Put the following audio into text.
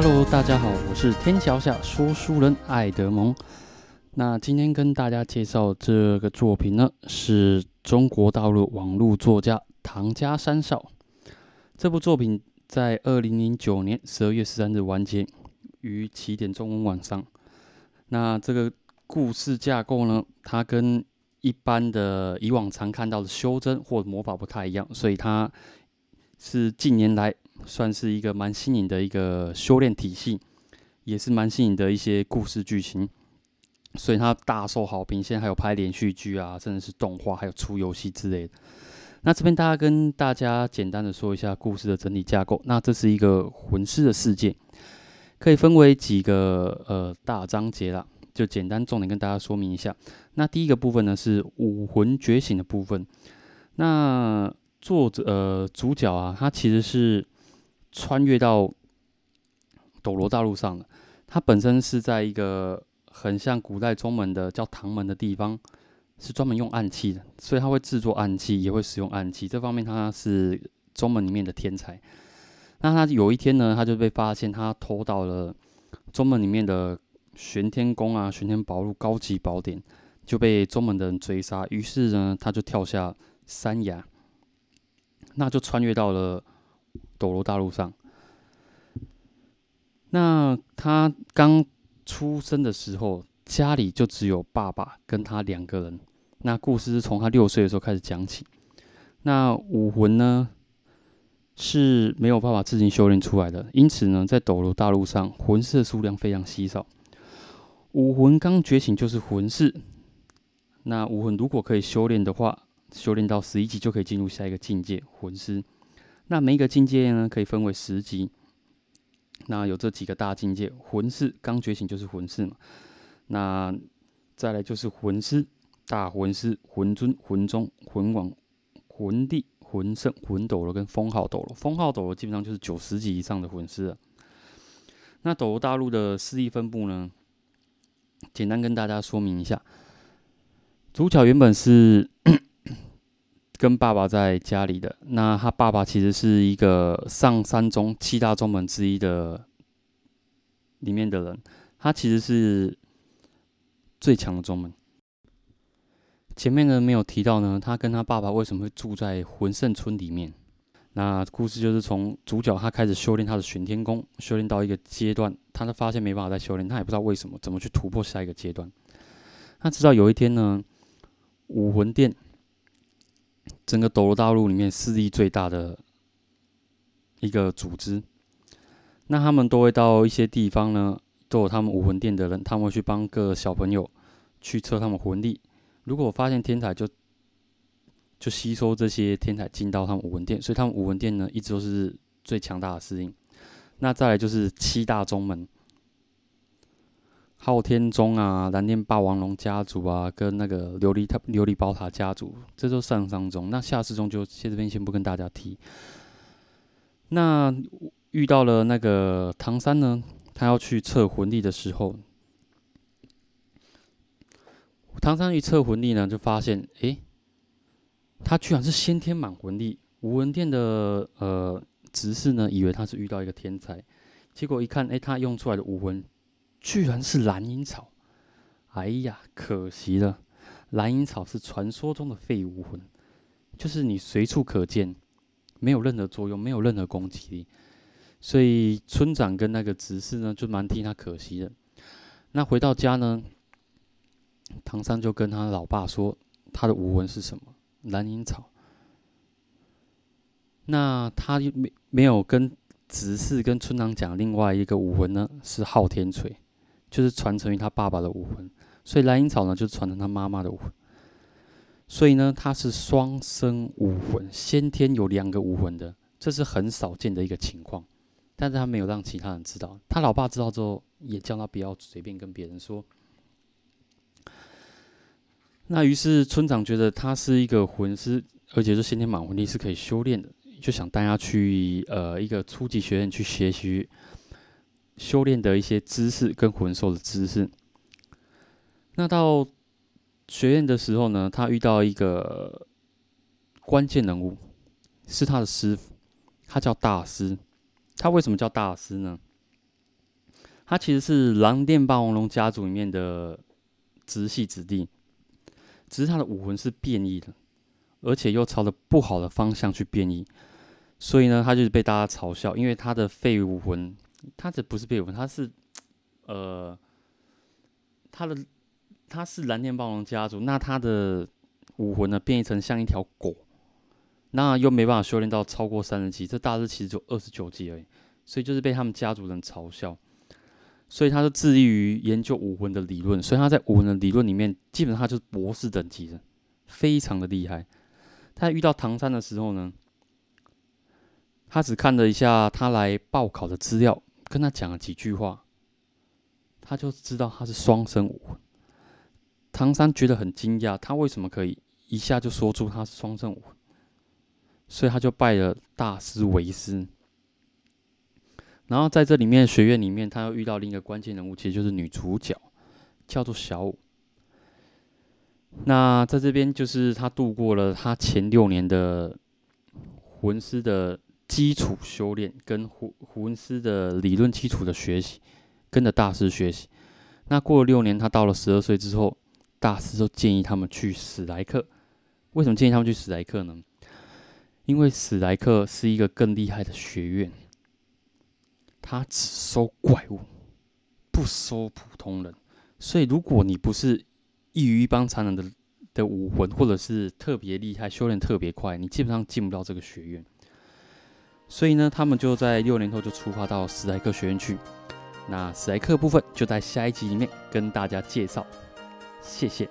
Hello，大家好，我是天橋下說書人愛德蒙。那今天跟大家介紹這個作品呢，是中國大陸網絡作家唐家三少。這部作品在二零零九年十二月十三日完結於起點中文網上。那這個故事架構呢，它跟一般的以往常看到的修真或魔法不太一樣，所以它是近年來。算是一個蠻新穎的一個修煉體系，也是蠻新穎的一些故事劇情，所以它大受好評。現在還有拍連續劇啊，甚至是動畫，還有出遊戲之類的。那這邊大家跟大家簡單的說一下故事的整體架構。那這是一個魂師的世界，可以分為幾個呃大章節啦，就簡單重點跟大家說明一下。那第一個部分呢是武魂覺醒的部分。那作者、呃、主角啊，他其實是。穿越到斗羅大陸上了。他本身是在一個很像古代宗門的叫唐門的地方，是專門用暗器的，所以他會製作暗器，也會使用暗器。這方面他是宗門裡面的天才。那他有一天呢，他就被發現他偷到了宗門裡面的玄天功啊、玄天寶錄高級寶典，就被宗門的人追殺。於是呢，他就跳下山崖，那就穿越到了。斗羅大陸上，那他剛出生的時候，家裡就只有爸爸跟他兩個人。那故事是從他六歲的時候開始講起。那武魂呢是沒有辦法自行修煉出來的，因此呢，在斗羅大陸上，魂師的數量非常稀少。武魂剛覺醒就是魂士。那武魂如果可以修煉的話，修煉到十一級就可以進入下一個境界——魂師。那每一個境界呢，可以分為十級。那有這幾個大境界：魂士剛覺醒就是魂士嘛。那再來就是魂師、大魂師、魂尊、魂宗、魂王、魂帝、魂聖、魂斗羅跟封號斗羅。封號斗羅基本上就是九十級以上的魂師啊。那斗羅大陸的實力分布呢？簡單跟大家說明一下。主角原本是。 跟爸爸在家裡的那，他爸爸其實是一個上三宗七大宗門之一的裡面的人，他其實是最強的宗門。前面呢沒有提到呢，他跟他爸爸為什麼會住在魂聖村裡面？那故事就是從主角他開始修煉他的玄天功，修煉到一個階段，他的發現沒辦法再修煉，他也不知道為什麼，怎麼去突破下一個階段。那直到有一天呢，武魂殿。整個斗羅大陸裡面勢力最大的一個組織，那他們都會到一些地方呢，都有他們武魂殿的人，他們會去幫個小朋友去測他們魂力，如果發現天才，就就吸收這些天才進到他們武魂殿，所以他們武魂殿呢一直都是最強大的勢力。那再來就是七大宗門。昊天宗啊，藍電霸王龍家族啊，跟那個琉璃琉璃寶塔家族，這都上三宗，那下四宗就先這邊先不跟大家提。那遇到了那個唐三呢，他要去測魂力的時候，唐三一測魂力呢，就發現，哎，他居然是先天滿魂力。武魂殿的呃執事呢，以為他是遇到一個天才，結果一看，哎，他用出來的武魂。居然是藍銀草！哎呀，可惜了。藍銀草是傳說中的廢武魂，就是你隨處可見，沒有任何作用，沒有任何攻擊力。所以村長跟那個執事呢，就蠻替他可惜的。那回到家呢，唐三就跟他老爸說，他的武魂是什麼？藍銀草。那他沒沒有跟執事跟村長講，另外一個武魂呢是昊天錘，就是傳承於他爸爸的武魂，所以藍銀草呢就是傳承他媽媽的武魂，所以呢他是雙生武魂，先天有兩個武魂的，這是很少見的一個情況，但是他沒有讓其他人知道，他老爸知道之後也叫他不要隨便跟別人說。那於是村長覺得他是一個魂師，而且是先天滿魂力是可以修煉的，就想帶他去呃一個初級學院去學習。修煉的一些知識跟魂獸的知識。那到學院的時候呢，他遇到一個關鍵人物，是他的師傅，他叫大師。他為什麼叫大師呢？他其實是藍電霸王龍家族裡面的直系子弟，只是他的武魂是變異的，而且又朝着不好的方向去變異，所以呢，他就是被大家嘲笑，因為他的廢武魂。他這不是廢物，他是，呃，他的他是藍電霸王龍家族，那他的武魂呢變異成像一條狗，那又沒辦法修煉到超過三十級，這大致其實就二十九級而已，所以就是被他們家族人嘲笑，所以他就致力於研究武魂的理論，所以他在武魂的理論裡面，基本上他就是博士等級的，非常的厲害。他遇到唐三的時候呢，他只看了一下他來報考的資料。跟他講了幾句話，他就知道他是雙生武魂。唐三覺得很驚訝，他為什麼可以一下就說出他是雙生武魂？所以他就拜了大師為師。然後在這裡面學院裡面，他又遇到另一個關鍵人物，其實就是女主角，叫做小舞。那在這邊就是他度過了他前六年的魂師的。基礎修煉跟魂魂師的理論基礎的學習，跟着大師學習。那過了六年，他到了十二歲之後，大師就建議他們去史萊克。為什麼建議他們去史萊克呢？因為史萊克是一個更厲害的學院，他只收怪物，不收普通人。所以，如果你不是異於一般常人的的武魂，或者是特別厲害、修煉特別快，你基本上進不到這個學院。所以呢，他們就在六年後就出發到史萊克學院去。那史萊克部分就在下一集裡面跟大家介紹，謝謝。